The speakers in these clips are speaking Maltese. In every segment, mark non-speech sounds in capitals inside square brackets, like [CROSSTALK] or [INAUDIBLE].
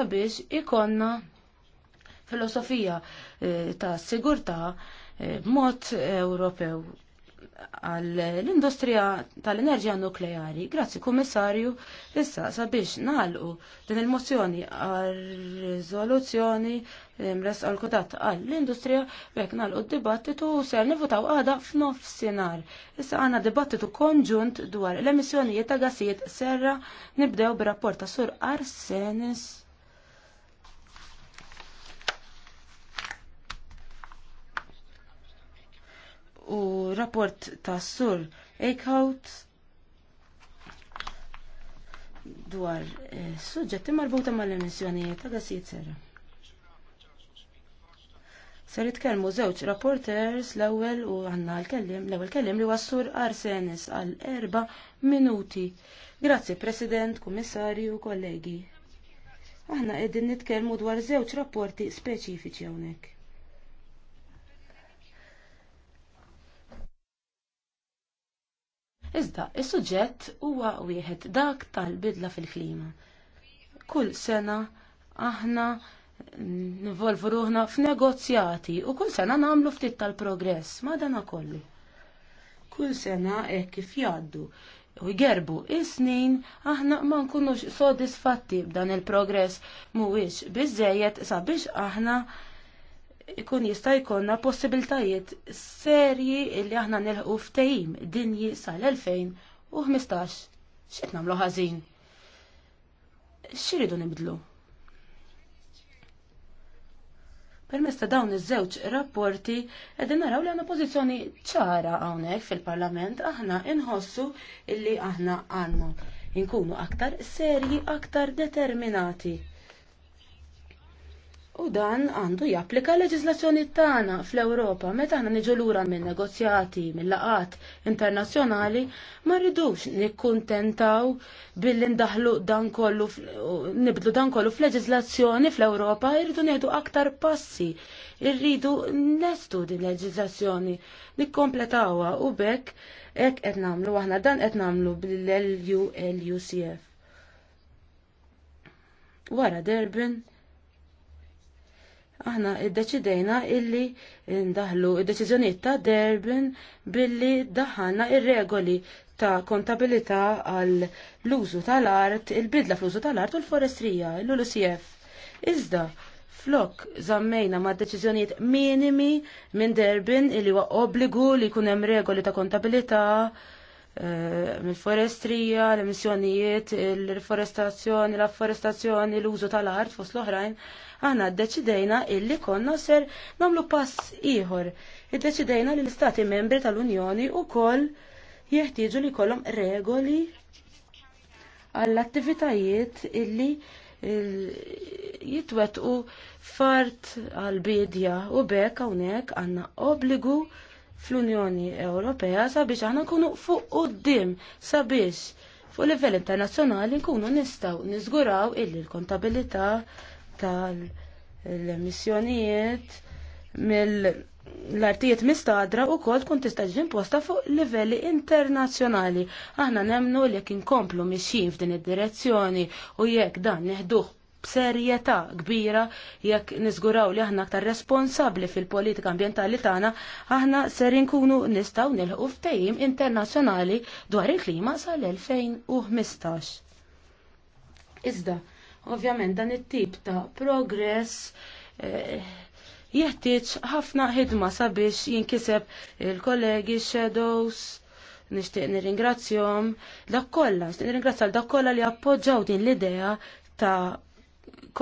sabiex ikonna filosofija eh, ta' sigurtà eh, b'mod Ewropew għall-industrija tal-enerġija nukleari. Grazzi, kummissarju, issa sabiex nalqu din il-mozzjoni għal-rizoluzzjoni mres għal-kutat għall-industrija bekk nalqu d-dibattitu u ser nivutaw għada f'nofsinhar. Issa għanna dibattitu konġunt dwar l-emissjonijiet ta' gassijiet serra nibdew bir-rapport ta' sur Arsenis. u rapport ta' sur Eichhout dwar eh, suġġetti marbuta mal-emissjonijiet ta' gassijiet serra. Ser jitkellmu żewġ rapporters l-ewwel u għandna l-kellim, l-ewwel kellim li wassur Arsenis għal erba' minuti. Grazzi President, Kummissarju, kollegi. Aħna qegħdin nitkellmu dwar żewġ rapporti speċifiċi hawnhekk. Iżda, is-suġġett huwa wieħed dak tal-bidla fil-klima. Kull sena aħna nivolvu ruħna f'negozjati u kull sena nagħmlu ftit tal-progress ma kollu. Kull sena hekk kif jgħaddu u jgerbu is-snin aħna ma nkunux sodisfatti b'dan il-progress mhuwiex biżejjed sabiex aħna ikun jista' jkollna possibiltajiet serji li aħna nilħu ftehim dinji sal-2015 x'qed nagħmlu ħażin. X'iridu nibdlu? Permess ta' dawn iż-żewġ rapporti qegħdin naraw li għandna pożizzjoni ċara hawnhekk fil-Parlament aħna inħossu illi aħna għandna inkunu aktar serji, aktar determinati U dan għandu japplika leġislazzjoni tagħna fl-Ewropa meta aħna niġu lura minn negozjati mill-laqat internazzjonali ma rridux nikkuntentaw billi ndaħlu dan kollu nibdlu dan kollu f'leġislazzjoni fl-Ewropa irridu ngħidu aktar passi. Irridu nestu din leġislazzjoni nikkompletawha u bekk hekk qed nagħmlu aħna dan qed nagħmlu bil lucf Wara Derbin, aħna id-deċidejna illi ndaħlu id-deċiżjonijiet ta' Derbin billi daħħalna ir-regoli ta' kontabilità għal l-użu tal-art, il-bidla fl-użu tal-art u l-forestrija, l-ULCF. Iżda, flok zammejna ma' deċiżjonijiet minimi minn Derbin illi huwa obbligu li jkun hemm regoli ta' kontabilità eh, mill-forestrija, l-emissjonijiet, il-riforestazzjoni, l-afforestazzjoni, l-użu tal-art fost l-oħrajn aħna ddeċidejna illi konna ser nagħmlu pass ieħor. Iddeċidejna li l-Istati membri tal-Unjoni wkoll jeħtieġu li jkollhom regoli għall-attivitajiet illi jitwetqu fart għal-bidja u bekk hawnhekk għandna obbligu fl-Unjoni Ewropea sabiex aħna nkunu fuq quddiem sabiex fuq livell internazzjonali nkunu nistgħu niżguraw illi l-kontabilità il tal-emissjonijiet mill-artijiet mistadra u kol tkun tista' posta imposta fuq livelli internazzjonali. Aħna nemnu li jekk inkomplu mixjin f'din id-direzzjoni u jekk dan neħduh b'serjetà kbira jekk niżguraw li aħna aktar responsabbli fil-politika ambjentali tagħna, aħna ser inkunu nistgħu nilħu ftehim internazzjonali dwar il-klima sal-2015. Iżda, Ovvjament dan it-tip ta' progress eh, jeħtieġ ħafna ħidma sabiex jinkiseb il-kollegi shadows nixtieq nirringrazzjom dak kollha, nixtieq nirringrazzja dak kollha li appoġġaw din l-idea ta'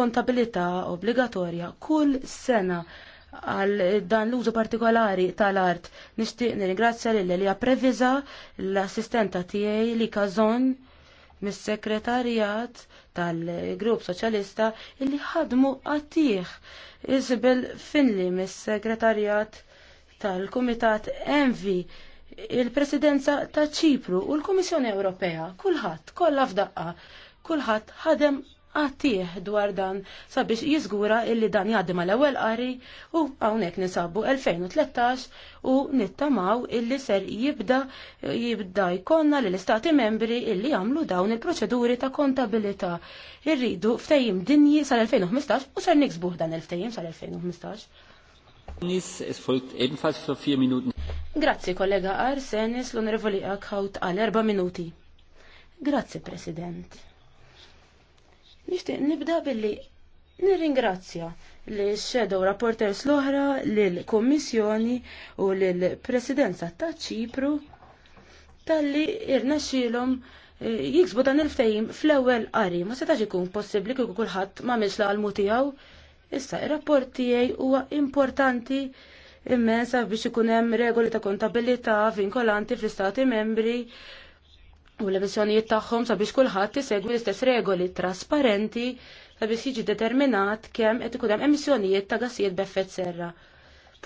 kontabilità obbligatorja kull sena għal dan l-użu partikolari tal-art. Nishtiq nirringrazzja lil li Previza, l-assistenta tiegħi li kazon mis-sekretarjat tal-Grupp Soċjalista illi ħadmu għattijħ. Isabel Finli mis-Segretarjat tal-Kumitat Envi, il-Presidenza ta' Ċipru u l-Kummissjoni Ewropea, kulħadd kollha f'daqqa, kulħadd ħadem għattieħ dwar dan sabiex jizgura illi dan jgħaddi mal ewwel qari u hawnhekk ninsabu 2013 u nittamaw illi ser jibda jibda jkonna lill istati membri illi jagħmlu dawn il-proċeduri ta' kontabilità. Irridu ftejim dinji sal-2015 u ser niksbuh dan il-ftejim sal-2015. Grazzi kollega Arsenis l-onorevoli Akhaut għal erba' minuti. Grazzi President. Nixtieq nibda billi nirringrazzja li shadow rapporters l-oħra lill-Kummissjoni u lill-Presidenza ta' Ċipru talli irnexxielhom eh, jiksbu dan il-fejm fl-ewwel qari ma setax ikun possibbli kieku kulħadd m'għamilx l-qalmu tiegħu. Issa ir-rapport tiegħi huwa importanti immensa biex ikun hemm regoli ta' kontabilità vinkolanti fl-istati membri u l-emissjonijiet tagħhom sabiex kulħadd isegwi l-istess regoli trasparenti sabiex jiġi determinat kemm qed ikun hemm emissjonijiet ta' gassijiet b'effett serra.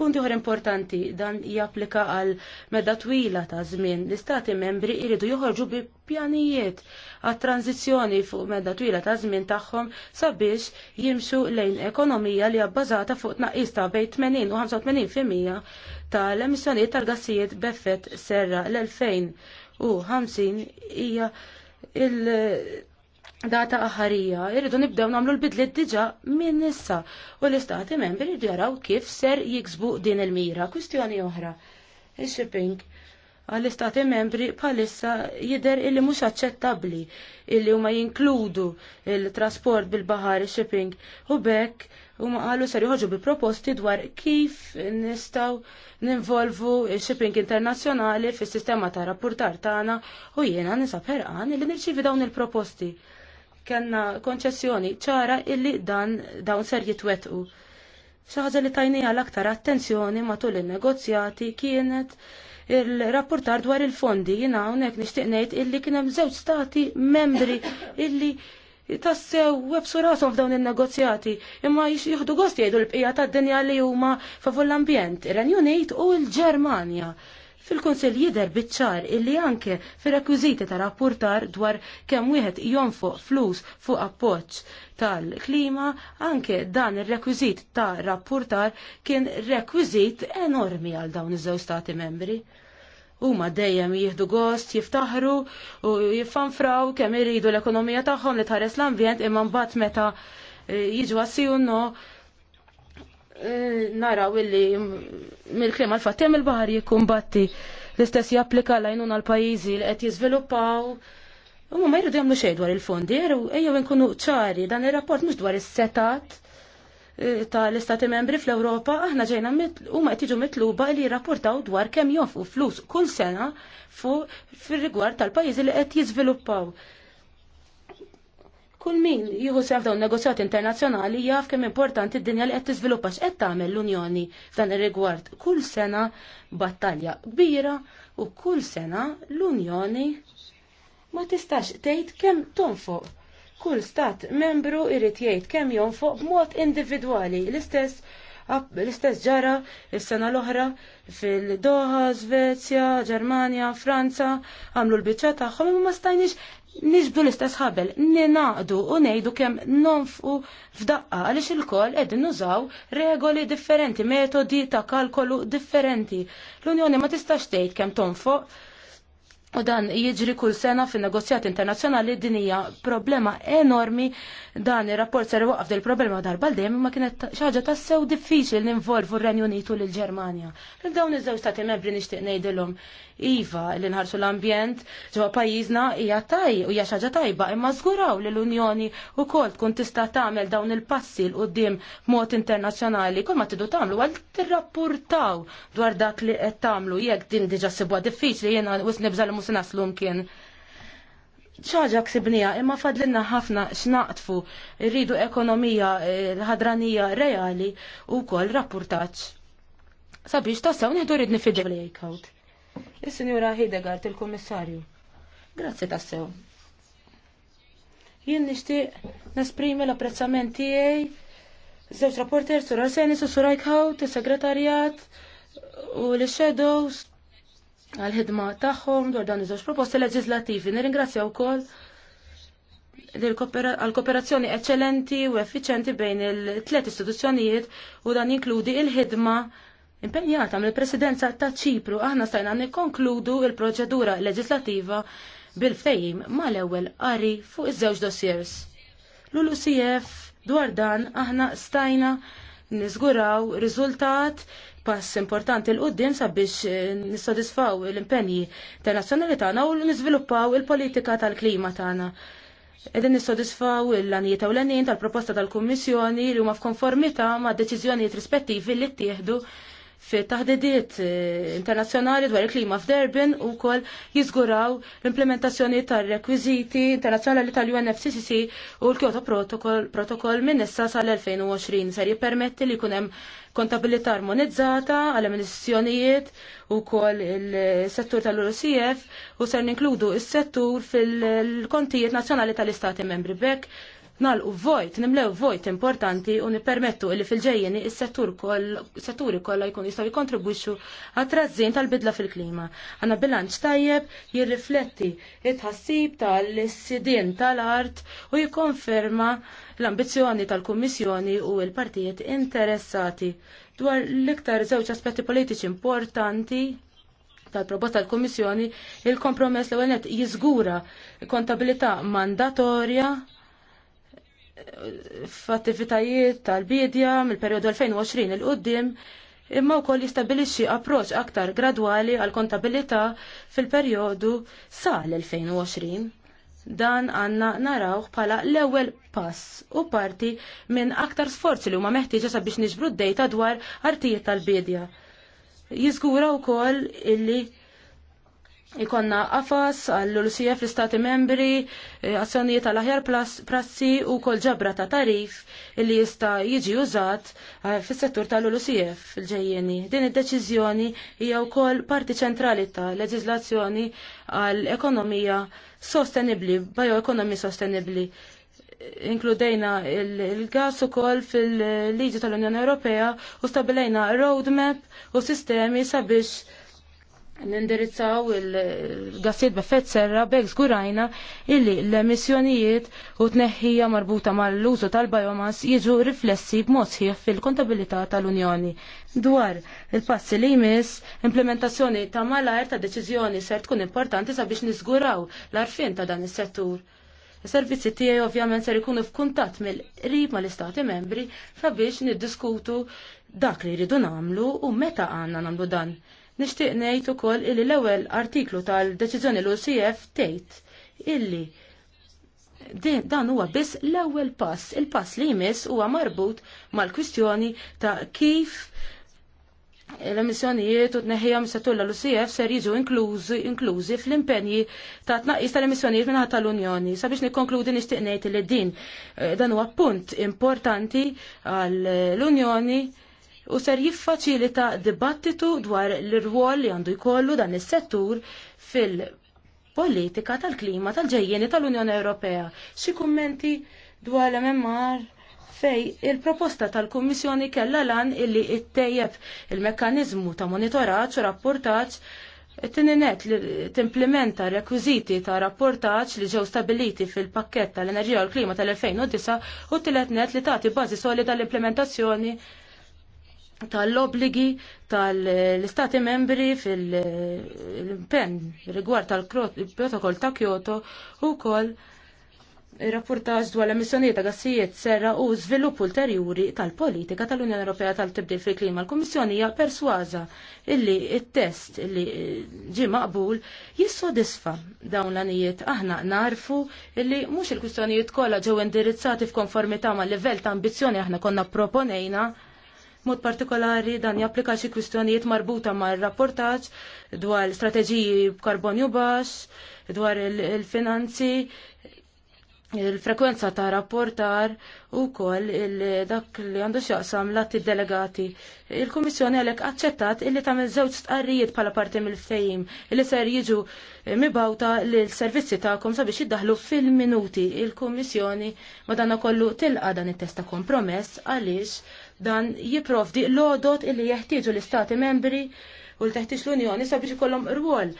Punti oħra importanti dan japplika għal medda twila ta' żmien. L-istati membri jridu joħorġu bi pjanijiet għat tranzizzjoni fuq medda twila ta' żmien tagħhom sabiex jimxu lejn ekonomija li abbażata fuq tnaqqis ta' bejn 80 u 85% tal-emissjonijiet tal-gassijiet b'effett serra l-2000 u 50 hija il-data aħarija. Irridu nibdew nagħmlu l-bidliet diġà minn issa u l-istati membri jridu jaraw kif ser jiksbu din il-mira. Kwistjoni oħra. Is-shipping għall-istati membri bħalissa jidher illi mhux aċċettabbli illi huma jinkludu il-trasport bil-bahar shipping u bekk huma qalu ser joħorġu bi proposti dwar kif nistgħu ninvolvu shipping internazzjonali fis-sistema ta' rapportar tagħna u jiena nisab ħerqan illi nirċivi dawn il-proposti. Kenna konċessjoni ċara illi dan dawn ser jitwetqu. Xi li tajnija l-aktar attenzjoni matul in-negozjati kienet il-rapportar dwar il-fondi jina hawnhekk nixtieq ngħid illi kien hemm żewġ stati membri illi tassew websu surasom f'dawn il-negozjati imma jieħdu gost jgħidu l-bqija tad-dinja li huma favol l-ambjent, ir-Renju Unit u l-Ġermanja fil-Konsil jider bitċar illi anke fil-rekwiziti ta' rapportar dwar kemm wieħed jonfoq flus fuq appoġġ tal-klima, anke dan ir-rekwiżit ta' rapportar kien rekwiżit enormi għal dawn iż żew stati membri. Huma dejjem jieħdu gost, jiftaħru u jiffanfraw kemm iridu l-ekonomija tagħhom li tħares l-ambjent imma mbagħad meta eh, jiġu għassiju eh, naraw illi mill-klima l-fattem il-bahar jikkumbatti l-istess japplika l-għajnuna l-pajizi li qed jiżviluppaw U ma jridu jagħmlu xejn dwar il-fondi, ejjew nkunu ċari dan ir-rapport mhux dwar is-setat e, tal-istati membri fl-Ewropa, aħna ġejna huma qed jtiġu mitluba li jirrapportaw dwar kemm jonfqu flus kull sena fuq fir-rigward tal-pajjiżi li qed jiżviluppaw. Kull min jieħu sef dawn negozjati internazzjonali jaf kemm importanti d-dinja li qed tiżviluppa x'qed tagħmel l-Unjoni f'dan ir-rigward. Kull sena battalja kbira u kull sena l-Unjoni ma tistax tgħid kemm tonfoq. Kull stat membru jrid jgħid kemm jonfoq b'mod individwali l-istess l-istess ġara is-sena l-oħra fil-Doha, Svezja, Ġermanja, Franza, għamlu l-biċċa tagħhom imma ma stajniex nixbdu l-istess ħabel, ninaqdu u ngħidu kemm nonfqu f'daqqa għaliex il-koll qegħdin nużaw regoli differenti, metodi ta' kalkolu differenti. L-Unjoni ma tistax tgħid kemm tonfoq U dan jiġri kull sena fin negozjat internazzjonali din hija problema enormi dan ir-rapport ser waqaf del problema darba l ma kienet xaġa tassew diffiċli ninvolvu r-Renju Unitu lil Ġermanja. Lil dawn iż-żewġ stati membri nixtieq ngħidilhom iva li nħarsu l-ambjent ġewwa pajjiżna hija taj u hija xaġa tajba imma żguraw li l-Unjoni wkoll tkun tista' tagħmel dawn il-passi l qudiem b'mod internazzjonali kull ma tidu tagħmlu għal tirrappurtaw dwar dak li qed tagħmlu jekk din diġà sibwa diffiċli jiena wisni u se naslu mkien ċaġa ksibnija, imma fadlinna ħafna xnaqtfu, rridu ekonomija l eh, ħadranija reali u kol rapportaċ. Sabiex tassaw nħidu rridni fidġa li jgħikawt. Il-Sinjura Hidegard, il-Kommissarju. Grazzi tassew. Jien nishti nesprimi l-apprezzament tiegħi żewġ rapporter sur Arsenis u sur Eichhout, is-Segretarjat u l-Shadows għal-ħidma tagħhom dwar dan iż-żewġ proposti leġislattivi. Nirringrazzja wkoll għal-kooperazzjoni eccellenti u effiċenti bejn il-tlet istituzzjonijiet u dan jinkludi il-ħidma impenjata mill presidenza ta' ċipru aħna stajna nikkonkludu il-proċedura leġislattiva bil-fejjim mal-ewwel qari fuq iż-żewġ dossiers. l dwar dan aħna stajna nizguraw riżultat pass importanti l-qoddim sabiex eh, nissodisfaw l-impenji ta' tagħna u niżviluppaw il-politika tal-klima tagħna. Edin nissodisfaw l-anijiet ewlenin tal-proposta tal-Kummissjoni li huma f'konformità ma' deċiżjonijiet rispettivi li ttieħdu fi taħdidiet eh, internazzjonali dwar il-klima f'Derbin u kol jizguraw l-implementazzjoni tar-rekwiziti internazzjonali tal-UNFCCC u l-Kyoto Protocol, protocol minn issa sal-2020 ser jippermetti li kunem kontabilità armonizzata għal emissjonijiet u kol il-settur tal-UCF u ser ninkludu il-settur fil-kontijiet nazzjonali tal-Istati membri bekk nalqu vojt, nimlew vojt importanti u nipermettu li fil-ġejjeni is-settur setturi kollha jkun jistgħu jikontribwixxu għat-trażżin tal-bidla fil-klima. Għanna bilanċ tajjeb jirrifletti it-ħassib tal-sidien tal-art u jikkonferma l-ambizzjoni tal-Kummissjoni u l-partijiet interessati dwar l-iktar żewġ aspetti politiċi importanti tal-proposta tal kummissjoni il-kompromess l għenet jizgura kontabilità mandatorja f'attivitajiet tal-bidja mill-perjodu 2020 il qudiem imma wkoll jistabbilixxi approċċ aktar gradwali għal kontabilità fil-perjodu sa l-2020. Dan għanna narawh bħala l-ewwel pass u parti minn aktar sforzi li huma meħtieġa sabiex niġbru d-dejta dwar artijiet tal-bidja. Jiżgura wkoll illi ikonna qafas għall-LUCF l-Istati membri, eh, azzjonijiet tal aħjar prassi u kol ġabra ta' tarif li jista jiġi użat eh, fis settur tal-LUCF il-ġejjeni. Din id-deċiżjoni hija wkoll parti ċentrali ta' leġiżlazzjoni għall-ekonomija sostenibli, bioekonomi sostenibli. Inkludejna il-gas il ukoll fil-liġi tal-Unjoni Ewropea u stabilejna roadmap u sistemi sabiex nindirizzaw il-gassiet b'effett serra bek zgurajna illi l-emissjonijiet u tneħħija marbuta mal-użu tal-biomass jiġu riflessi b'mod sħiħ fil-kontabilità tal-Unjoni. Dwar il-passi li jmiss, implementazzjoni ta' malajr ta' deċiżjoni ser tkun importanti sabiex niżguraw l-arfin ta' dan is-settur. Is-servizzi tiegħi ovvjament ser ikunu f'kuntatt mill-qrib mal-Istati membri sabiex niddiskutu dak li jridu nagħmlu u meta għandna nagħmlu dan. Nixtieq ngħid ukoll illi l-ewwel artiklu tal-deċiżjoni l UCF tgħid illi dan huwa biss l-ewwel pass. Il-pass li jmiss huwa marbut mal-kwistjoni ta' kif l-emissjonijiet u t-neħijam setulla l-UCF ser jiġu inklużi fl-impenji ta' tnaqqis tal-emissjonijiet minnaħat tal-Unjoni. Sabiex nikkonkludi nixtieq ngħid li din eh, dan huwa punt importanti għall-Unjoni u ser jiffaċilita dibattitu dwar l-rwol li għandu jkollu dan is-settur fil-politika tal-klima tal-ġejjeni tal-Unjoni Ewropea. Xi kummenti dwar l-MMR fej il-proposta tal-Kummissjoni kellha lan illi ittejjeb il-mekkaniżmu ta' monitoraċ u rapportaġġ Tininet li timplementa rekwiziti ta' rapportaċ li ġew stabiliti fil-pakket tal-enerġija u l-klima tal-2009 u tilet net li tagħti bażi solida l-implementazzjoni tal-obligi tal-istati membri fil-pen rigward tal-protokoll ta' Kyoto u kol rapportaż dwar l-emissjonijiet ta' gassijiet serra u żvilupp ulterjuri tal-politika tal-Unjoni Ewropea tal-tibdil fil-klima. L-Kummissjoni hija persważa illi t-test illi ġi maqbul jissodisfa dawn l-anijiet aħna narfu illi mhux il-kwistjonijiet kollha ġew indirizzati f'konformità mal livell ta' ambizzjoni aħna konna proponejna Mod partikolari dan japplika xi kwistjonijiet marbuta mar rapportaġġ dwar strateġiji b'karbonju baxx, dwar il-finanzi, il-frekwenza ta' rapportar u koll dak li għandu xaqsam l-atti delegati. Il-Komissjoni għalek accettat illi tamil żewġ tqarrijiet pala parti mill-fejm illi ser jiġu mibawta l-servizzi kom sabiex iddaħlu fil-minuti. Il-Komissjoni madana kollu tilqa dan it-testa kompromess għaliex Dan jipprovdi l-odot illi jeħtieġu l-Istati membri u l-teħtieġ l-Unjoni sabiex ikollhom rwol.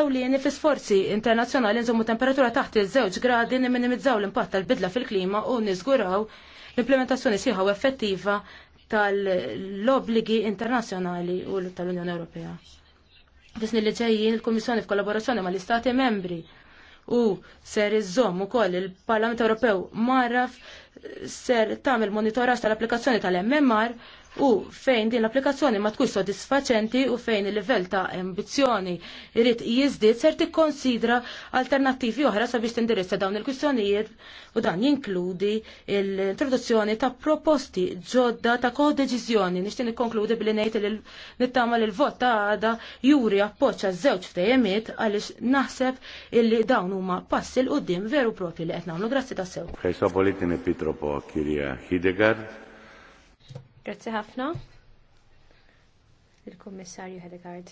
Ewlieni fi sforzi internazzjonali nżommu temperatura taħt il żewġ gradi minimizzaw l-impatt tal-bidla fil-klima u niżguraw l-implementazzjoni siħaw effettiva tal-obligi internazzjonali u tal-Unjoni Ewropea. Fisni li ġejjin il-Komissjoni f'kollaborazzjoni mal istati membri u ser iżomm ukoll il-Parlament Ewropew marraf ser tagħmel monitoraż tal-applikazzjoni tal-MMR u fejn din l-applikazzjoni ma tkunx sodisfaċenti u fejn il-livell ta' ambizzjoni irid jiżdied ser tikkonsidra alternattivi oħra sabiex tindirizza dawn il-kwistjonijiet u dan jinkludi l-introduzzjoni ta' proposti ġodda ta' kodeċiżjoni. Nixtieq nikkonkludi billi ngħid li nittama l vot ta' għada juri appoċċa żewġ ftejemiet għaliex naħseb illi dawn huma passi l qudiem veru propri li qed nagħmlu. Grazzi tassew. Ħejsa politin Pitropo kirja Hidegard. Grazzi ħafna. Il-Kummissarju Hedegard.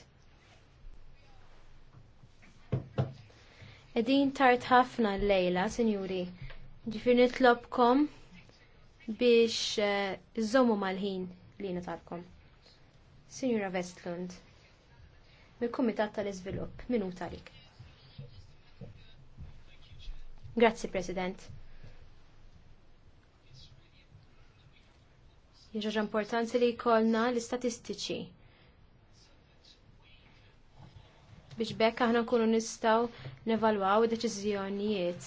Edin tard ħafna l-lejla, sinjuri. Ġifir nitlobkom biex zommu eh, mal-ħin li natalkom. Sinjura Vestlund, mill-Kumitat tal-Iżvilupp, minuta għalik. Grazzi, President. Jaġa importanti li jkollna l-istatistiċi. Biex bekk aħna nkunu nistgħu nevalwaw deċiżjonijiet.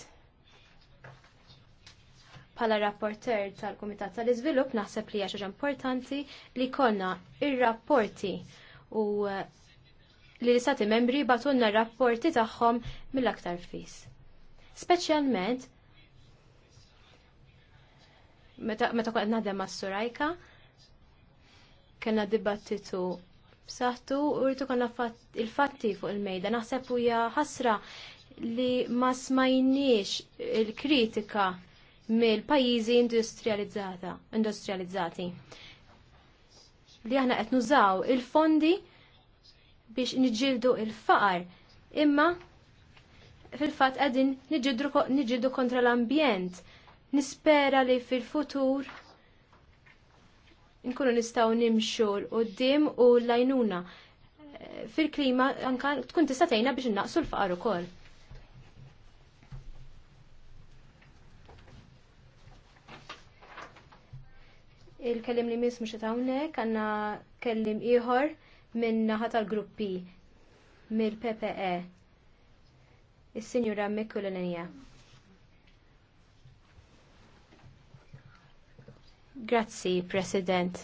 Pala rapporter tal-Kumitat tal-Iżvilupp naħseb li jaġa importanti li jkollna ir-rapporti u eh, li l-istati membri batunna rapporti tagħhom mill-aktar fis. Speċjalment meta kwa naħdem ma' Surajka, kena dibattitu b'saħħtu u rritu konna il-fatti fuq il-mejda. Naħseb huja ħasra li ma smajniex il-kritika mill-pajjiżi industrializzata, industrializzati. Li aħna qed nużaw il-fondi biex niġildu il-faqar, imma fil-fatt qegħdin niġġieldu kontra l-ambjent Nispera li fil-futur nkunu nistaw nimxu l-qoddim u l-lajnuna eh, fil-klima anka tkun tista' tgħinna biex innaqsu l-faqar ukoll. Il-kellim li mis mux hawnhekk għandna kellim ieħor minn naħa tal-gruppi mill-PPE. Is-Sinjura Mikulenija. Grazzi, President.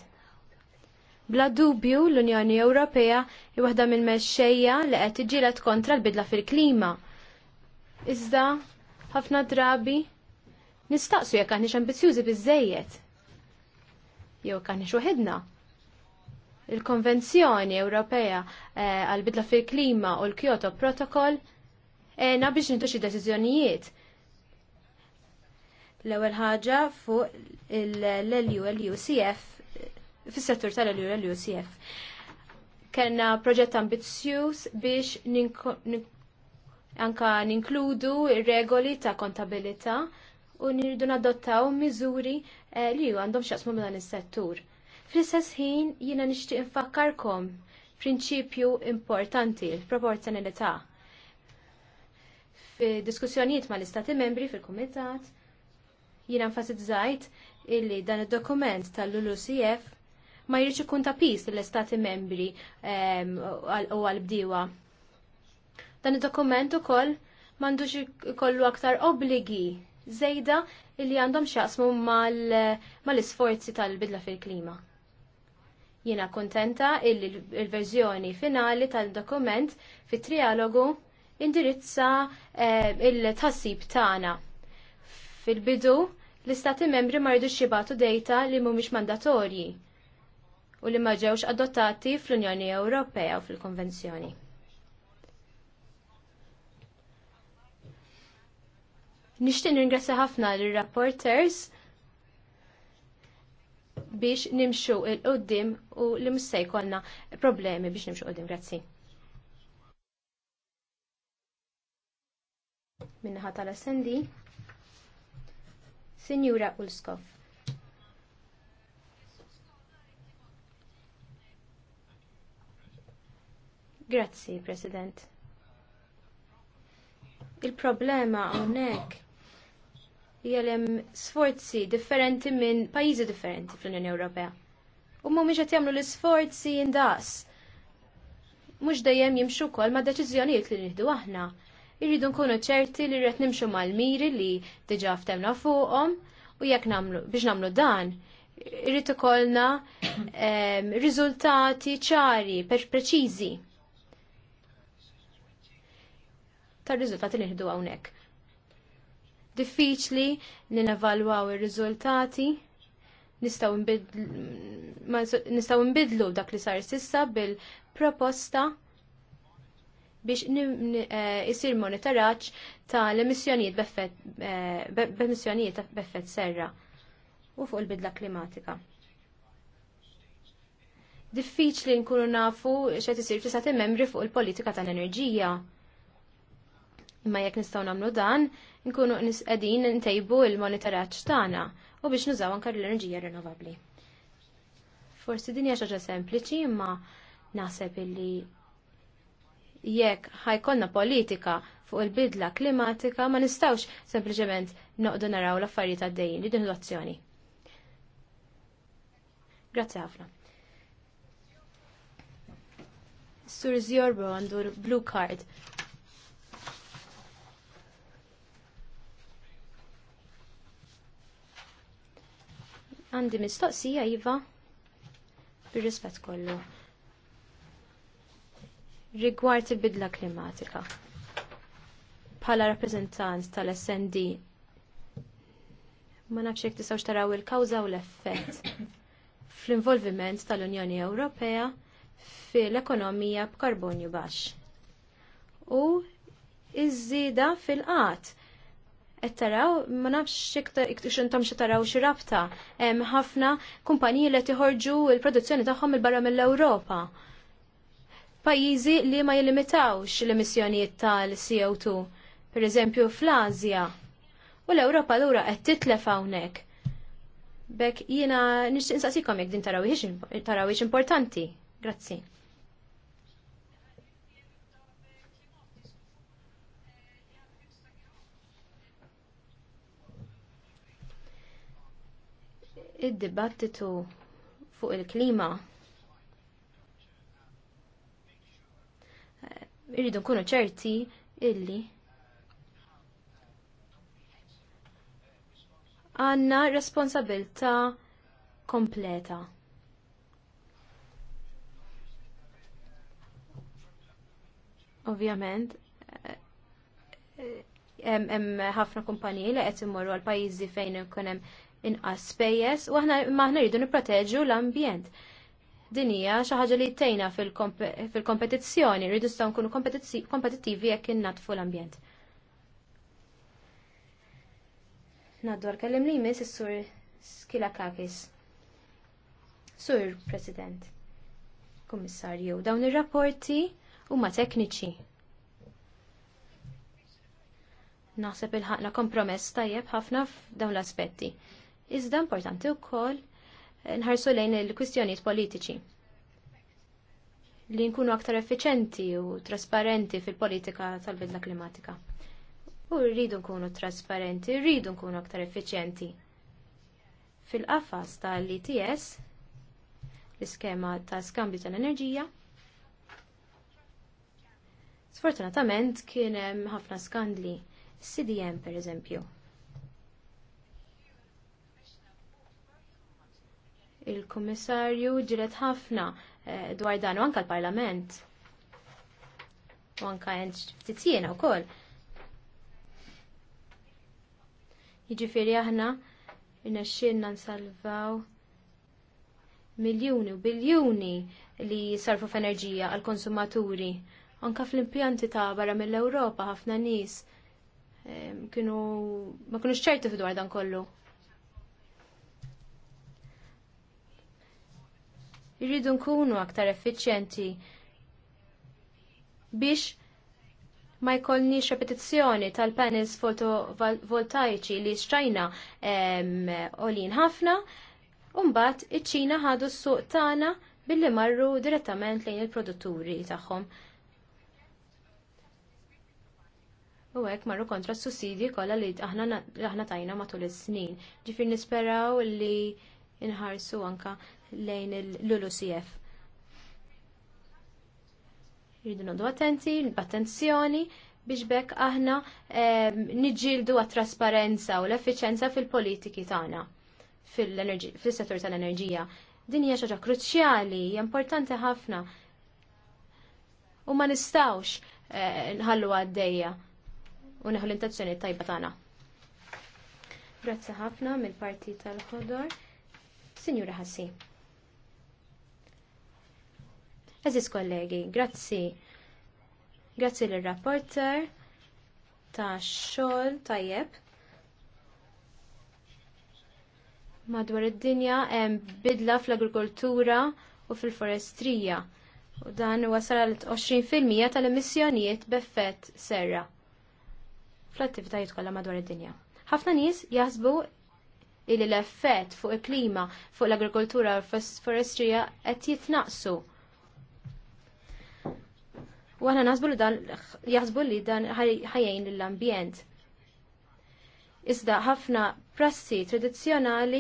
Bla dubju l-Unjoni Ewropea hi waħda minn mexxejja li qed iġilet kontra l-bidla fil-klima. Iżda ħafna drabi nistaqsu jekk aħniex ambizzjużi biżejjed. Jew aħniex waħedna. Il-Konvenzjoni Ewropea eh, għal-bidla fil-klima u l-Kyoto Protocol ena eh, biex nitu xi deċiżjonijiet L-ewwel ħaġa fuq l-LULUCF fis-settur tal-LULUCF. Kenna proġett ambizzjuż biex anka ninkludu ir-regoli ta' kontabilità u nirridu nadottaw miżuri eh, li ju għandhom xaqsmu minn dan is-settur. Fl-istess ħin jiena nixtieq infakkarkom prinċipju importanti, l-proporzjonalità. Fi diskussjonijiet mal istati membri fil-Kumitat, Jiena nfasizzajt illi dan id-dokument tal-LULUCF ma jridx kun ta' pis l-Istati membri u għal bdiwa Dan id-dokument ukoll m'għandux ikollu aktar obbligi żejda illi għandhom x'jaqsmu mal-isforzi tal-bidla fil-klima. Jiena kontenta illi l-verżjoni finali tal-dokument fit-trialogu indirizza eh, il-tassib tagħna. Fil-bidu l-istati membri ma rridux jibatu dejta li mhumiex mandatorji u li ma ġewx adottati fl-Unjoni Ewropea u fil-Konvenzjoni. Nixtieq ringrazzja ħafna lir-rapporters biex nimxu il-qoddim u li mistej konna problemi biex nimxu qoddim. Grazzi. ħata tal-SND. Sinjura Ulskov. Grazzi, President. Il-problema hawnhekk jellem sforzi differenti minn pajjiżi differenti fl-Unjoni Ewropea. U mhumiex qed jagħmlu l-isforzi jindas. Mhux dejjem jimxu kol ma' deċiżjonijiet li nieħdu aħna irridu nkunu ċerti li rrid nimxu mal-miri li diġa ftemna fuqhom u jekk namlu biex namlu dan irrid ikollna ehm, riżultati ċari, preċiżi. Tar-riżultati li nħdu hawnhekk. Diffiċli li nevalwaw ir-riżultati nistaw nbidlu dak li sar sissa bil-proposta biex jisir eh, ta' tal-emissjonijiet eh, b'emissjonijiet ta' b'effett serra u fuq il-bidla klimatika. Diffiċli nkunu nafu xed jisir fl membri fuq il-politika tal-enerġija. Imma jekk nistgħu nagħmlu dan, nkunu qegħdin ntejbu il-monitoraġġ tagħna u biex nużaw anke l-enerġija rinnovabbli. Forsi din hija xaġa sempliċi imma naħseb illi jekk ħajkonna politika fuq il-bidla klimatika ma nistawx sempliċement noqdu naraw l-affarijiet għaddejjin li din l-azzjoni. Grazzi ħafna. Sur Zjorbo għandu l-blue card. Għandi mistoqsija Iva, bir-rispett kollu rigward il-bidla klimatika. Bħala rappreżentant tal-SND ma nafx jekk tisgħu taraw il-kawża u l-effett fl-involviment tal-Unjoni Ewropea fil-ekonomija b'karbonju baxx. U iż-żieda fil-qat. Qed taraw, ma nafx intom xi taraw xi rabta hemm ħafna kumpaniji li tiħorġu l-produzzjoni tagħhom il-barra mill-Ewropa. Pajjiżi li ma jilimitawx l-emissjonijiet tal-CO2, per eżempju fl-Azja. U l-Ewropa lura qed titlef hawnhekk. Bek jiena nixtieq insaqsikom jekk din tarawiex importanti. Grazzi. id-dibattitu fuq il-klima irridu nkunu ċerti illi għanna responsabilta kompleta. Ovvjament, eh, hemm ħafna kumpaniji li qed immorru għal pajjiżi fejn ikun hemm inqas spejjeż u aħna ma aħna rridu nipproteġu l-ambjent. Din hija xi ħaġa li tejna fil-kompetizzjoni, rridu staw nkunu kompetittivi jekk innatfu l-ambjent. Naddu għal-kellim li jmiss is-sur Skilakakis. Sur President, Kummissarju, dawn ir-rapporti huma tekniċi. Naħseb il-ħakna kompromess tajjeb ħafna f'dawn l-aspetti. Iżda importanti wkoll nħarsu lejn il-kwistjonijiet politiċi li nkunu aktar effiċenti u trasparenti fil-politika tal-bidla klimatika. U rridu nkunu trasparenti, rridu nkunu aktar effiċenti Fil-qafas tal-ITS, l-iskema ta' skambju tal-enerġija, sfortunatament kien hemm ħafna skandli, CDM per eżempju. Il-Kummissarju ġiet ħafna eh, dwar dan u anka l-Parlament. U anka ftit jiena wkoll. Jiġifieri aħna irnexxielna nsalvaw miljuni u biljuni li sarfu f'enerġija għall konsumaturi Anka fl-impjanti ta' barra mill-Ewropa ħafna nies eh, kienu ma kienux ċertu fidwar dan kollu. Irridu nkunu aktar effiċjenti biex ma jkollniex repetizzjoni tal-panels fotovoltaiċi li xtajna olin ħafna, Umbat, iċ-ċina ħadu s-suq tagħna billi marru direttament lejn il-produtturi tagħhom. U hekk marru kontra s-sussidji kollha li aħna tajna matul is-snin. Ġifier nisperaw li inħarsu anka lejn l-LULUCF. Rridu nodu attenti, l-attenzjoni biex bekk aħna ehm, niġġieldu għat-trasparenza u l-effiċenza fil-politiki tagħna fil-settur tal-enerġija. Din hija xi ħaġa kruċjali, hija importanti ħafna. U ma nistgħux eh, nħallu għaddejja u neħu l-intenzjoni tajba tagħna. Grazzi ħafna mill-parti tal-ħodor, Sinjura Ħassi. Eżis kollegi, grazzi. Grazzi l-rapporter ta' xol tajjeb. Madwar id-dinja hemm bidla fl-agrikoltura u fil-forestrija. U dan wasal l 20% tal-emissjonijiet b'effett serra fl-attivitajiet kollha madwar id-dinja. Ħafna nies jaħsbu li l-effett fuq il-klima, fuq l-agrikoltura u l-forestrija qed jitnaqsu U aħna nasbu li dan jaħsbu li dan ħajjin lill-ambjent. Iżda ħafna prassi tradizzjonali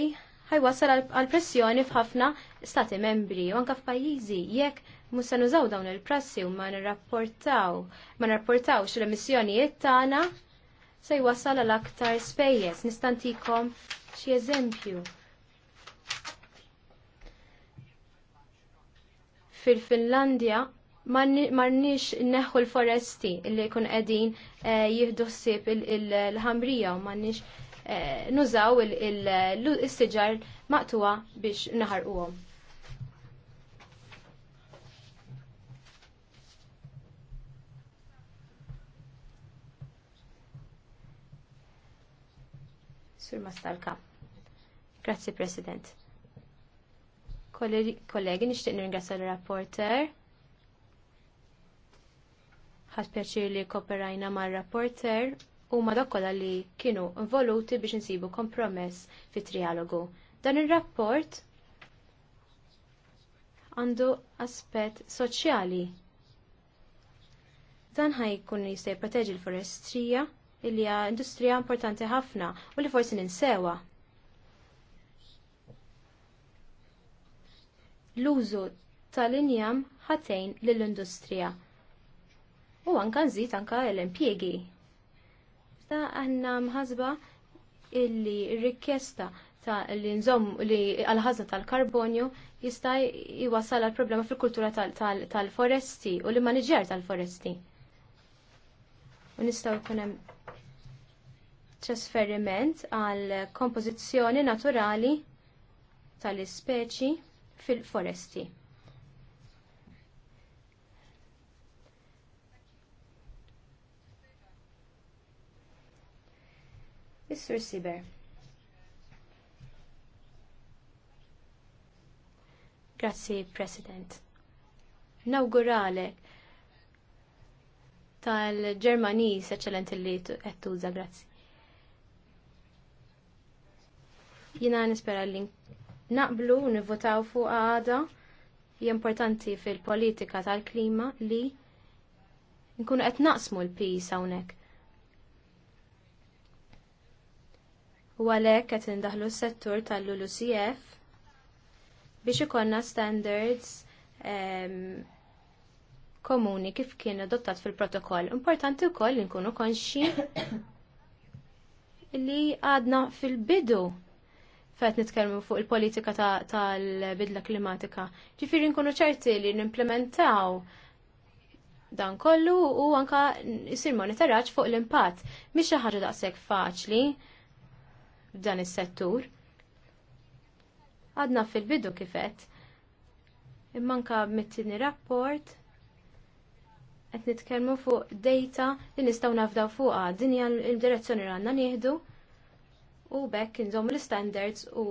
ħajwasal għal pressjoni f'ħafna stati membri u anka f'pajjiżi jekk mhux se nużaw dawn il-prassi u ma nirrapportaw ma nirrapportawx l-emissjonijiet tagħna se jwasal għal aktar spejjeż. Nistantikom xi eżempju. Fil-Finlandja marnix neħu l-foresti li jkun qegħdin eh, jieħdu ssib il-ħamrija u m'għandniex eh, nużaw l siġar maqtuwa biex naħarquhom. Sur Mastalka. Grazzi, President. Kollegi, nishtiq nirringrazzja l-rapporter ħadd pjaċir li kooperajna mar-rapporter u ma dokkola li kienu involuti biex insibu kompromess fit trialogu. Dan ir-rapport għandu aspett soċjali. Dan ħajkun jista' jipproteġi l-forestrija illi hija industrija importanti ħafna u li forsi ninsewa. L-użu tal-injam ħatejn lill-industrija u anka nżid anka l-impjegi. Ta' għanna mħazba illi r-rikjesta ta' li nżom li għal-ħazna tal-karbonju jista' jwassal għal problema fil-kultura tal-foresti u li maniġer tal-foresti. U nistgħu jkun hemm trasferiment għal kompożizzjoni naturali tal-ispeċi fil-foresti. Is-Sur Siber. Grazzi, President. Nawguralek tal-Ġermanis eċċellenti li qed tuża, grazzi. Jiena nispera li naqblu nivvotaw fuq għada importanti fil-politika tal-klima li nkunu qed naqsmu l-pis hawnhekk. u għalhekk qed indaħlu s-settur tal-LULUCF biex ikollna standards um, komuni kif kien adottat fil-protokoll. Importanti wkoll li nkunu konxi [COUGHS] li għadna fil-bidu fet nitkellmu fuq il-politika tal-bidla ta klimatika. Ġifieri nkunu ċerti li nimplementaw dan kollu u anka jisir monitoraġġ fuq l-impatt. Mhix xi ħaġa daqshekk faċli f'dan is-settur. Għadna fil-bidu kifet. Immanka mit-tieni rapport qed nitkellmu fuq data li nistgħu nafdaw fuqha din hija l-direzzjoni li għandna nieħdu u bekk inżommu l-standards u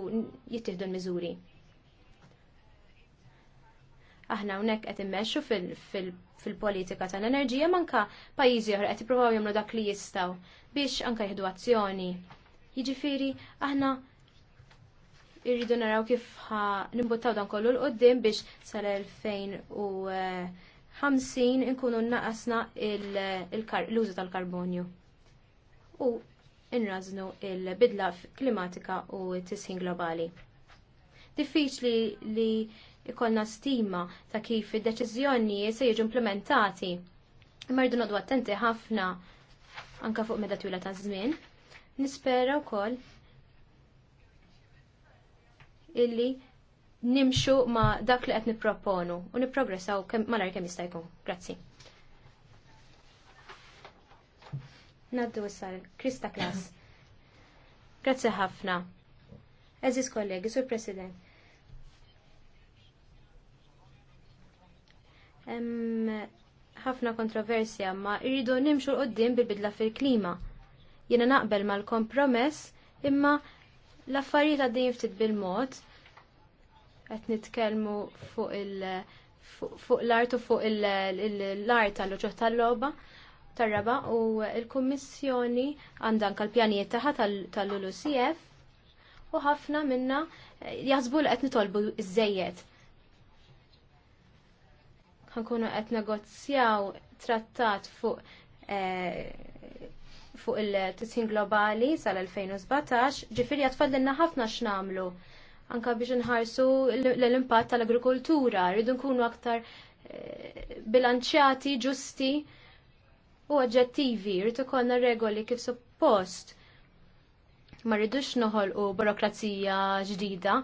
jittieħdu l-miżuri. Aħna hawnhekk qed immexxu fil-politika tal-enerġija manka pajjiżi oħra qed jippruvaw jomlu dak li jistgħu biex anke jieħdu azzjoni. Jiġifieri aħna irridu naraw kif nimbuttaw dan kollu l-qoddim biex sal-2050 inkunu naqasna l-użu tal-karbonju. U inraznu il-bidla klimatika u t-tisħin globali. Diffiċli li ikollna stima ta' kif id-deċiżjoni se jiġu implementati. Imma rridu noqdu attenti ħafna anke fuq meda twila ta' żmien Nispera wkoll illi nimxu ma dak li qed nipproponu u nipprogressaw malar kemm jista' jkun. Grazzi. Naddu issal Krista Klas. Grazzi ħafna. Eżis kollegi, sur President. ħafna kontroversja ma irridu nimxu l-qoddim bil-bidla fil-klima. Jiena naqbel mal-kompromess imma l-affarijiet għaddejjin ftit bil-mod qed nitkellmu fuq il fuq l-art u fuq l-art tal-ġoħ tal-logħba tar-raba u l-Kummissjoni għandha kal l-pjanijiet tagħha tal-LUCF u ħafna minna jazbu l qed nitolbu iż ħankunu qed negozjaw trattat fuq eh, fuq il-tisħin globali sal-2017, ġifiri għatfadlinna ħafna x'namlu. Anka biex nħarsu l-impatt tal-agrikoltura, rridu nkunu aktar eh, bilanċjati, ġusti u oġġettivi, rridu konna regoli kif suppost. Ma rridux noħol u burokrazija ġdida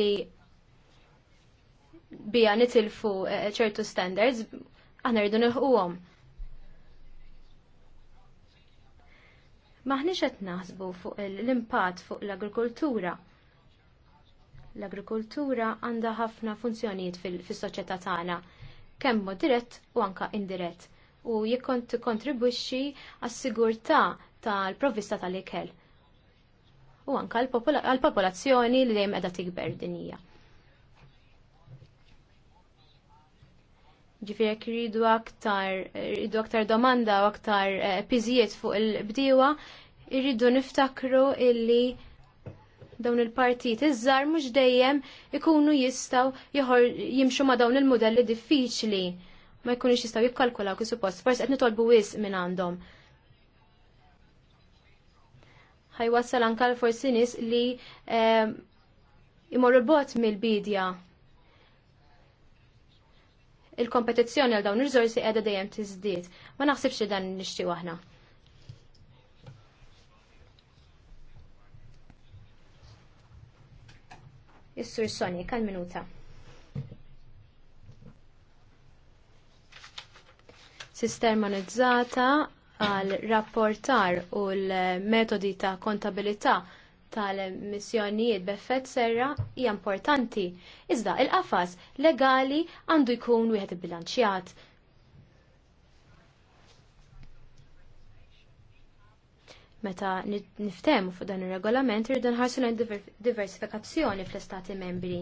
li bija nitilfu eh, ċertu standards aħna rridu nilħquhom. Maħniex qed naħsbu fuq l-impatt fuq l-agrikoltura. L-agrikoltura għandha ħafna funzjonijiet fis-soċjetà tagħna, kemm mod dirett u anka indirett, u jekkont kontribwixxi għas-sigurtà tal-provvista tal-ikel u anka għal-popolazzjoni li dejjem qiegħda tikber dinija. ġifiri jekk iridu aktar iridu aktar domanda u aktar eh, pizijiet fuq il-bdiewa, irridu niftakru illi dawn il-partit iż-żar mhux dejjem ikunu jistgħu jimxu ma' dawn il-modelli diffiċli ma jkunux jistgħu jikkalkulaw kif suppost, forsi qed nitolbu wisq minn għandhom. Ħajwassal anke forsi nies li eh, imorru l-bot mill-bidja il-kompetizzjoni għal dawn ir-riżorsi qiegħda dejjem tiżdied. Ma naħsibx li dan nixtieq aħna. Is-Sur Sonja, kal minuta. Sistemanizzata għal rapportar u l-metodi ta' kontabilità tal-missjonijiet b'effett serra hija importanti, iżda il-qafas legali għandu jkun wieħed ibbilanċjat. Meta niftemu fuq dan ir-regolament irridu nħarsu lejn diversifikazzjoni fl-istati membri.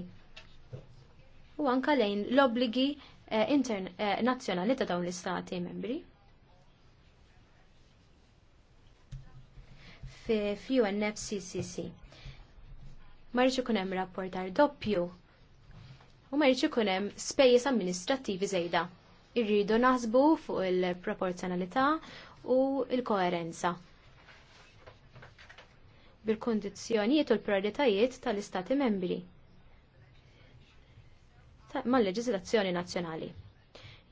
U anka lejn l-obbligi eh, eh, nazzjonali ta' dawn l-istati membri. f'UNFCCC. Marriċ ikun hemm rapportar doppju u marriċ ikun hemm spejjeż amministrattivi żejda. Irridu naħsbu fuq il-proporzjonalità u il-koerenza bil-kondizzjonijiet u l-prioritajiet tal-Istati membri mal-leġiżlazzjoni nazzjonali.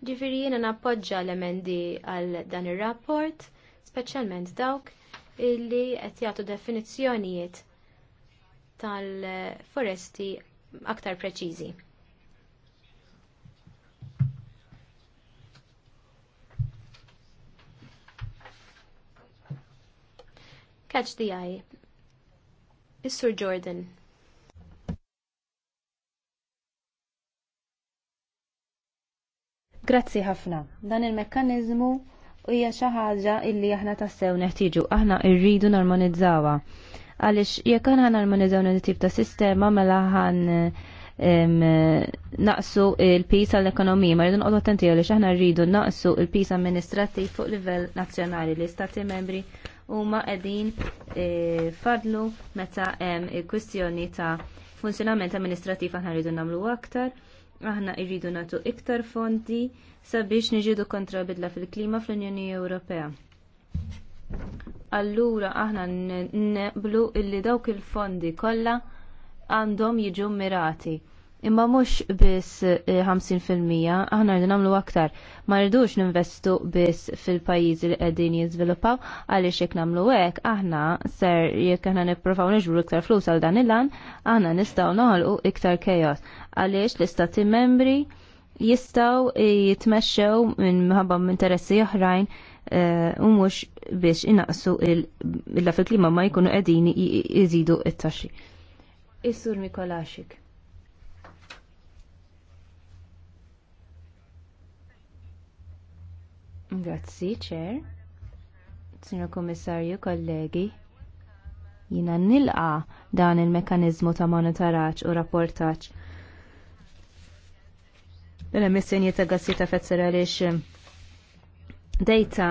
Ġifieri jiena nappoġġa l-emendi għal dan ir-rapport, speċjalment dawk illi qed jagħtu definizzjonijiet tal-foresti aktar preċiżi. Catch the eye. Is-Sur Jordan. Grazzi ħafna. Dan il-mekkanizmu u hija xi ħaġa illi aħna tassew neħtieġu aħna rridu normalizzawha. Għaliex jekk aħna normalizzaw tip ta' sistema mela ħan naqsu il-pis għall-ekonomija, ma rridu noqogħdu attenti għaliex aħna rridu naqsu il-pis amministrattiv fuq livell nazzjonali li stati membri huma qegħdin e, fadlu meta hemm il-kwistjoni ta' funzjonament amministrattiv aħna rridu nagħmlu aktar aħna irridu nagħtu iktar fondi sabiex niġidu kontra bidla fil-klima fl-Unjoni Ewropea. Allura aħna neqblu illi dawk il-fondi kollha għandhom jiġu mirati Imma mhux biss 50% eh, aħna rridu nagħmlu aktar. Ma rridux ninvestu biss fil-pajjiżi li qegħdin jiżviluppaw għaliex jekk nagħmlu hekk aħna ser jekk aħna nippruvaw niġbru iktar flus għal dan il-lan, aħna nistgħu noħolqu iktar chaos. Għaliex l-istati membri jistgħu jitmexxew minn minħabba interessi oħrajn eh, u mhux biex inaqsu il-la fil-klima ma jkunu qegħdin iżidu it-taxxi. Is-sur Mikolaxik. Grazzi, ċer. Signor Komissarju, kollegi, jina nilqa dan il-mekanizmu ta' monitoraċ u rapportaċ. L-emissjoni ta' gassi ta' fetzera lix dejta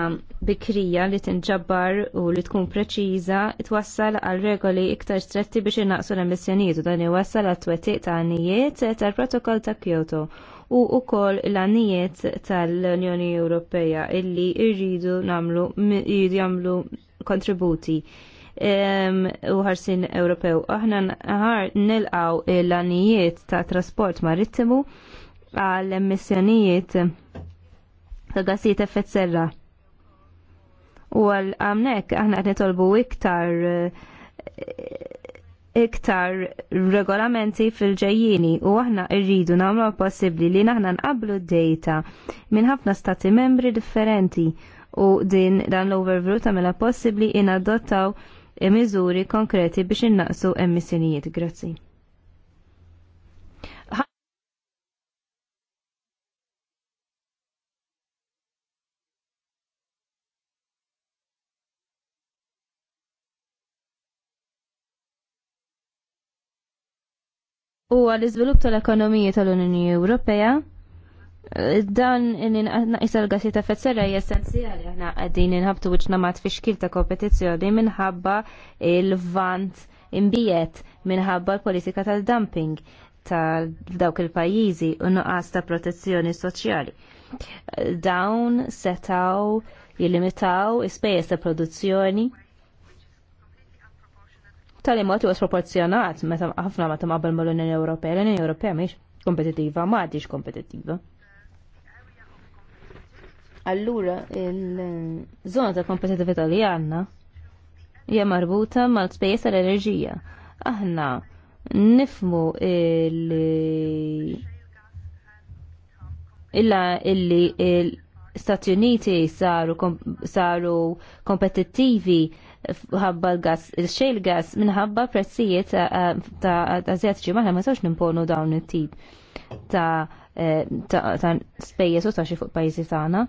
bikrija li tinġabbar u li tkun preċiża twassal għal regoli iktar stretti biex innaqsu l-emissjonijiet u dan iwassal għal twettiq ta' għanijiet tal-protokoll ta' Kyoto u wkoll l-għanijiet tal-Unjoni Ewropea illi jridu namlu jridu jagħmlu kontributi u ħarsin Ewropew. Aħna ħar nilqaw l-għanijiet ta' trasport marittimu għal emissjonijiet ta' gassijiet effett serra. U għal għamnek aħna għetni nitolbu iktar iktar regolamenti fil-ġejjini u aħna rridu nagħmlu possibbli li naħna nqablu d-data minn ħafna stati membri differenti u din dan l-overview mela possibbli inadottaw miżuri konkreti biex innaqsu emissjonijiet. Grazzi. u għal-izvilup tal-ekonomija tal-Unjoni Ewropea eh, dan naqisa l-gassi ta' fetzera hija essenzjali aħna qegħdin inħabtu wiċċna namat fi xkil ta' kompetizzjoni minħabba il-vant imbijet minħabba l-politika tal-dumping ta' dawk il-pajjiżi u nuqqas ta' protezzjoni soċjali. Eh, dawn setaw jillimitaw ispejjeż ta' produzzjoni tal-imot u sproporzjonat meta ħafna meta qabel mal-Unjoni Ewropea. L-Unjoni Ewropea mhix ma m'għadix kompetittiva. Allura, il-żona ta' kompetitività li għandna hija marbuta mal-spejjeż tal-enerġija. Aħna nifmu il- illa illi l-Stati Uniti saru kompetittivi ħabba l-gas, il xej l gas minħabba prezzijiet eh, eh, ta' azjatiċi maħna ma sawx nimponu dawn it-tip ta' eh, ta' spejjeż u ta' xi fuq pajjiżi tagħna.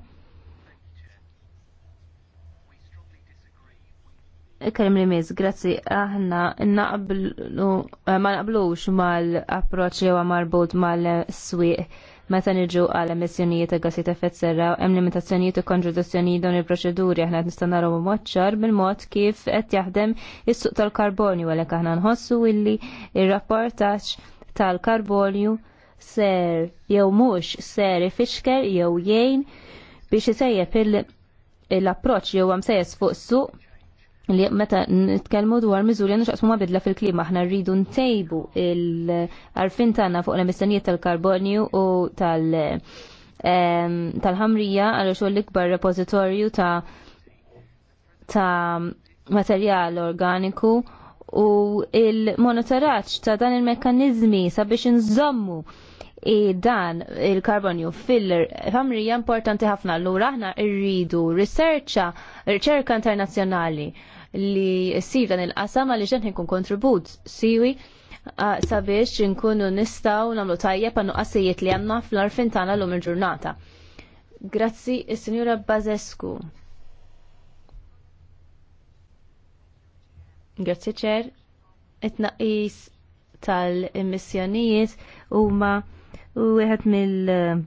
Kellim li miż, grazzi, aħna naqblu ma naqblux mal-approċċ li huwa marbut mal-swieq Meta niġu għal emissjonijiet ta' gassi ta' effett serra, hemm limitazzjonijiet u konġudazzjonijiet dawn il-proċeduri aħna nistgħu naraw moċċar bil-mod kif qed jaħdem is-suq tal-karbonju għalhekk aħna nħossu illi ir-rapportaġġ tal-karbonju ser jew mhux ser ifixker jew jgħin biex isejjeb il-approċċ jew għam sejjes fuq suq li meta nitkellmu dwar miżuri għandu xaqsmu ma bidla fil-klima, aħna rridu ntejbu l-arfin tagħna fuq l-emissjonijiet tal-karbonju u tal- tal-ħamrija għal xogħol l-ikbar repożitorju ta' ta' materjal organiku u il-monitoraġġ ta' dan il-mekkaniżmi sabiex nżommu dan il-karbonju fil-ħamrija importanti ħafna l aħna irridu riserċa, riċerka internazzjonali li sir dan il-qasam għaliex ġen ħinkun kontribut siwi sabiex nkunu nistaw namlu tajjeb għannu qasijiet li għanna fl-arfin tagħna l-lum il-ġurnata. Grazzi il sinjura Bazescu. Grazzi ċer, it-naqis tal-emissjonijiet huma wieħed mill-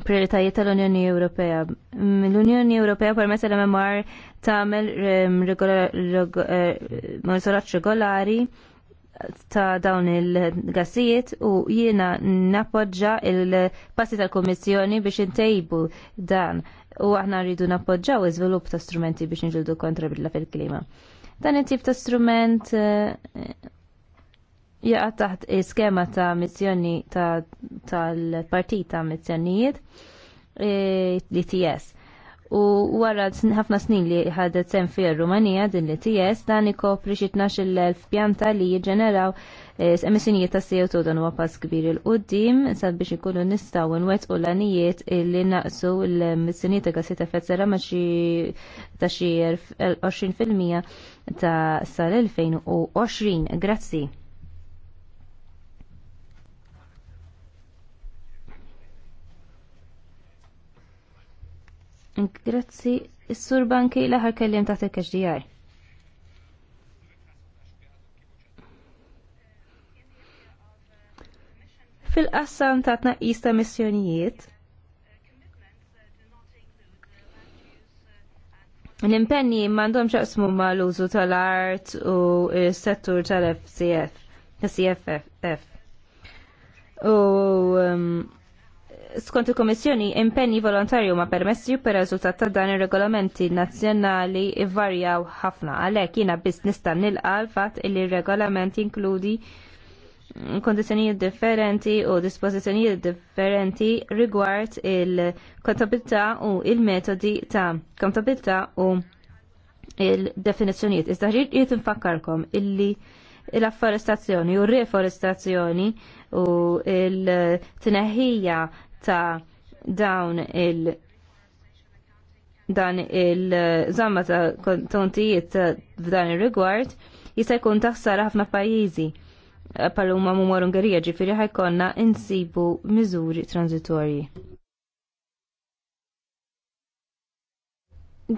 prioritajiet tal-Unjoni Ewropea. Mm, L-Unjoni Ewropea permezz l-MMR tagħmel ehm, eh, monitorat regolari ta' dawn il-gassijiet u jiena nappoġġa il-passi tal-Kummissjoni biex intejbu dan u aħna rridu nappoġġaw iżvilupp ta' strumenti biex nġildu kontra bidla fil-klima. Dan it-tip ta' strument eh, jaqa' taħt skema ta' missjoni tal-partita ta missjonijiet e, li TS. U wara ħafna snin li ħadet sem fi Rumanija din li e TS dan ikopri xi 12,000 pjanta li jiġġeneraw e, emissjonijiet ta' CO2 dan huwa pass kbir il qudiem sabiex ikunu nistgħu nwettqu l-anijiet li naqsu l-emissjonijiet ta' gassi ta' effett sera ma' xi ta' xi 20% ta' sal-2020. Grazzi. Grazzi, is-sur banki laħar kellim taħt il-KHDR. Fil-qassam ta' tnaqqis ta' missjonijiet, L-impenni mandom xaqsmu ma l-użu tal-art u s-settur tal-FCF, CFF. U um, skont il-Komissjoni impenji volontarju ma permessi per rezultat ta' dan ir-regolamenti nazzjonali varjaw ħafna. Għalhekk jiena biss nista' nilqal fatt li regolament jinkludi kondizjonijiet differenti u dispożizzjonijiet differenti rigward il-kontabilità u il-metodi ta' kontabilità u il-definizzjonijiet. Iżda jiet infakkarkom illi l-afforestazzjoni u reforestazzjoni u l tneħija ta' dawn il- dan il zamma ta' kontijiet f'dan ir-rigward jista' jkun taħsar ħafna pajjiżi paluma mumor Ungerija ġifiri ħajkonna insibu miżuri transitorji.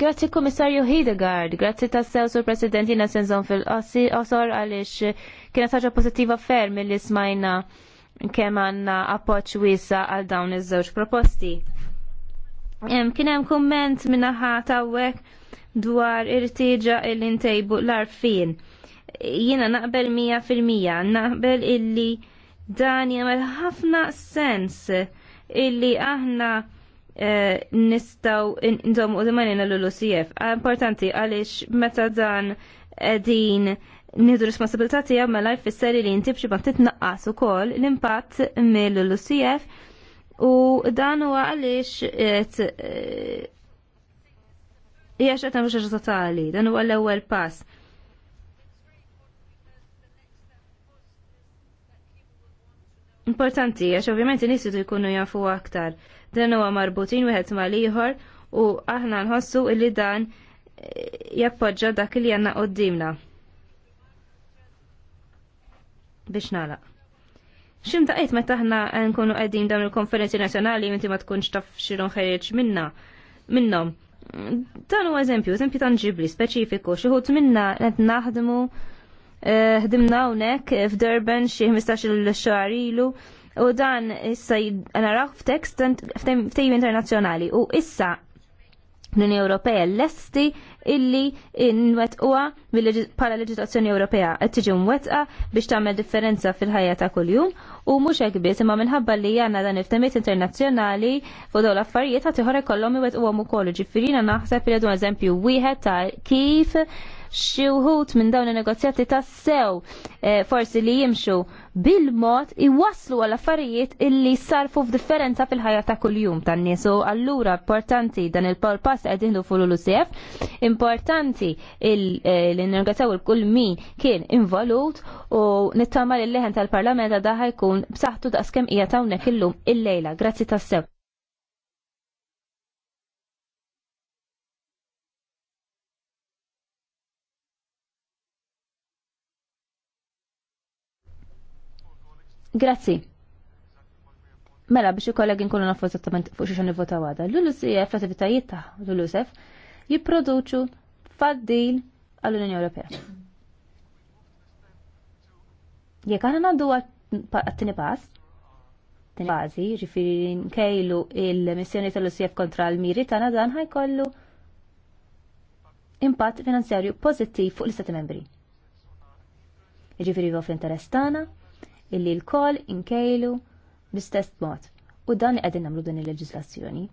Grazzi komissarju Hidegard, grazzi ta' sew sur presidenti na fil qossi osor għalix kienet ħaġa pozittiva ferm li smajna kemm għandna appoġġ wiesa għal dawn iż-żewġ proposti. Kien hemm kumment minaħa tawwek dwar irtiġa il ntejbu l-arfin. Jiena naqbel mija fil-mija, naqbel illi dan jagħmel ħafna sens illi aħna eh, nistaw nżommu u d-manina l-LUCF. Importanti għalix meta dan din nieħdu responsabilità tiegħek mela jfisser li inti ma' titnaqqas ukoll l-impatt mill ucf u dan huwa għaliex eh, hija xi tagħmel xi totali, dan huwa l-ewwel pass. Importanti, għax ovvjament nis jidu jkunu jafu aktar. Dan huwa marbutin wieħed ma' ieħor u aħna nħossu illi dan eh, jappoġġa dak li għandna qoddimna biex nalaq. Ximta qed meta aħna nkunu qegħdin dawn il-konferenzi nazzjonali m'inti ma tkunx taf xilhom ħeġ minna minnhom. Dan huwa eżempju, eżempju tanġibli, speċifiku, xi ħut minna qed naħdmu eh, ħdimna hawnhekk f'Durban xi 15-il xahar ilu u dan issa naraw f'tekst f'tejm internazzjonali u issa l-Unjoni Ewropea l-esti illi nwetqwa bħala leġislazzjoni Ewropea qed tiġi mwettqa biex tagħmel differenza fil-ħajja ta' kuljum u mhux hekk biss imma minħabba li għandna dan il-ftemiet internazzjonali fuq dawn l-affarijiet ħadd iħorek ikollhom iwettquhom ukoll. Ġifieri naħseb li għadu eżempju wieħed ta' kif xi wħud minn dawn in-negozjati tas-sew eh, forsi li jimxu bil-mod iwaslu għal affarijiet illi sarfu f'differenza fil-ħajja ta' kuljum tan-nies. allura importanti dan il-pass qed jieħdu fuq l-UCF, importanti eh, li nirgazzaw il-kull min kien involut u nittama l-leħen tal-Parlament għadha ħajkun b'saħħtu daqskemm hija tawnek illum il-lejla. Grazzi tassew. Grazzi. Mela biex il-kollegi nkunu nafu esattament fuq xi nivvota għada. L-ULUCF, e l-attivitajiet ta' l e jipproduċu faddil għall-Unjoni Ewropea. Jekk aħna għandu għat-tini pass, tini bażi, ġifiri nkejlu il-missjoni tal-UCF e kontra l-miri tagħna dan ħajkollu impatt finanzjarju pożittiv fuq l-Istati Membri. Ġifieri fl-interess tagħna, illi l-kol inkejlu bl-istess mod. U dan li qegħdin nagħmlu din il-leġislazzjoni.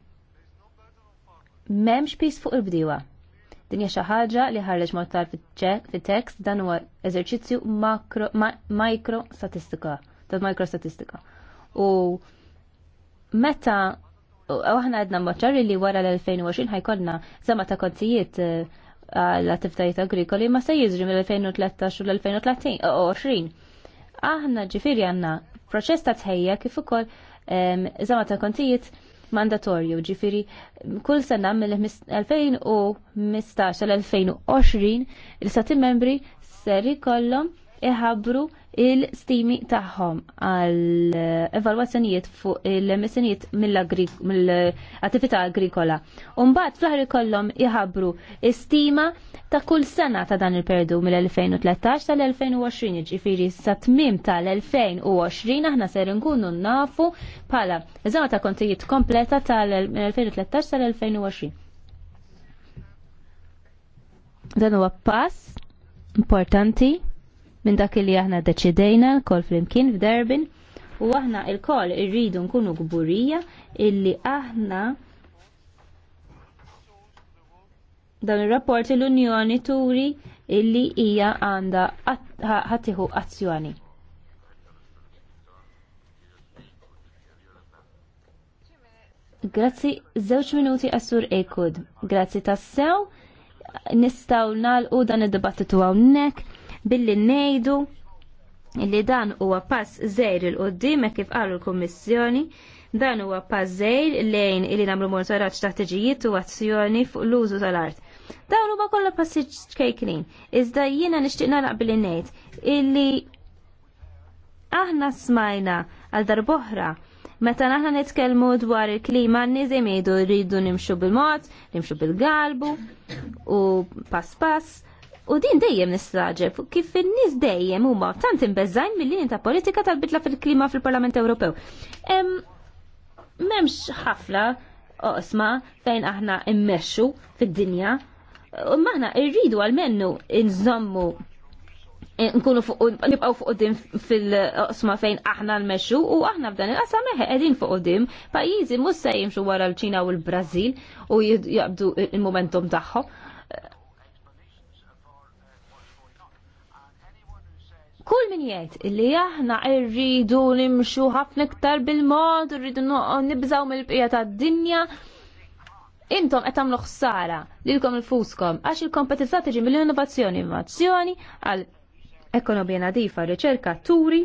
M'hemmx pis fuq il-bdiewa. Din hija xi ħaġa li ħareġ mortar fit-tekst dan huwa eżerċizzju makro statistika, ta' mikro statistika. U meta aħna għedna mbaċċarri li wara l-2020 ħajkolna zama ta' konzijiet għal attivitajiet agrikoli ma se jiżri mill-2013 u l-2020. Aħna ġifiri għanna proċess ta' tħejja kif ukoll zama ta' kontijiet mandatorju ġifiri kull sena mill-2015 l-2020 il-sati membri ser ikollhom iħabru il-stimi tagħhom għal evalwazzjonijiet fuq il-emissjonijiet mill-attività agrikola. Umbagħad fl-aħħar ikollhom iħabru istima ta' kull sena ta' dan il-perdu mill-2013 tal-2020, ġifiri sa tmiem tal-2020 aħna ser nkunu nafu bħala eżama ta' kontijiet kompleta tal-2013 tal-2020. Dan huwa pass importanti minn dak li aħna deċidejna kol flimkien f'Derbin u aħna il-kol irridu nkunu gburija illi aħna dan il-rapport l-Unjoni turi illi hija għanda ħatiħu azzjoni. Grazzi, zewċ minuti għassur Ekud. Grazzi tassew, nistaw u dan id-dibattitu għawnek billi ngħidu li dan huwa pass żejr il qudiem kif qalu l-Kummissjoni dan huwa pass zejr lejn li nagħmlu monitoraġġ ta' tiġijiet u azzjoni fuq l-użu tal-art. Dawn huma kollha passiġġ kejkrin, iżda jiena nixtieq naraq billi ngħid illi aħna smajna għal darboħra meta naħna nitkellmu dwar il-klima n-nizim jgħidu rridu nimxu bil-mod, nimxu bil-galbu u pass pass U din dejjem nistraġeb kif in-nies dejjem huma tant imbeżżajn mill-linja ta' politika tal-bidla fil-klima fil-Parlament Ewropew. M'hemmx ħafna oqsma fejn aħna immexxu fid-dinja u maħna irridu għal-mennu nżommu nkunu fuq nibqaw fuq qudiem fil-qosma fejn aħna l-mexxu u aħna f'dan il-qasam meħe qegħdin fuq qudiem pajjiżi mhux se jimxu wara l-Ċina u l-Brażil u jaqbdu il-momentum tagħhom. Kull min jgħid illi aħna rridu nimxu ħafna iktar bil-mod, rridu nibżaw mill-bqija tad-dinja, intom qed tagħmlu ħsara lilkom infuskom għax il-kompetenza tiġi mill-innovazzjoni innovazzjoni għal ekonomija nadifa riċerka turi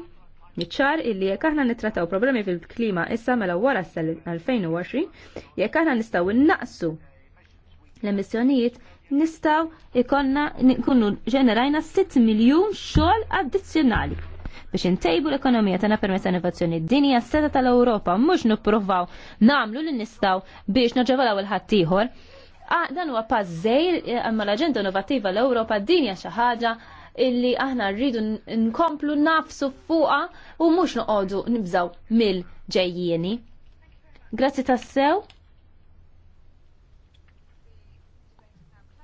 Miċċar illi jekk aħna nittrattaw problemi fil-klima issa mela wara s sell 2020, jekk aħna nistgħu innaqsu l-emissjonijiet nistaw ikonna nkunu ġenerajna 6 miljun xogħol addizzjonali biex intejbu l-ekonomija tagħna permess innovazzjoni d-dinja seta tal-Ewropa mhux nippruvaw nagħmlu li nistgħu biex naġevalaw il-ħadd ieħor. Dan huwa pażżejr għamma eh, l-aġenda innovattiva l-Ewropa dinja xi ħaġa illi aħna rridu nkomplu nafsu fuqa u mhux noqogħdu nibżaw mill-ġejjieni. Grazzi tassew.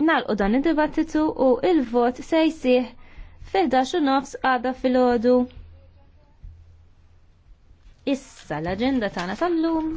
nalqu dan id-dibattitu u il-vot se jsih fi 11 nofs għada fil-ħodu. Issa l-agenda tagħna tal-lum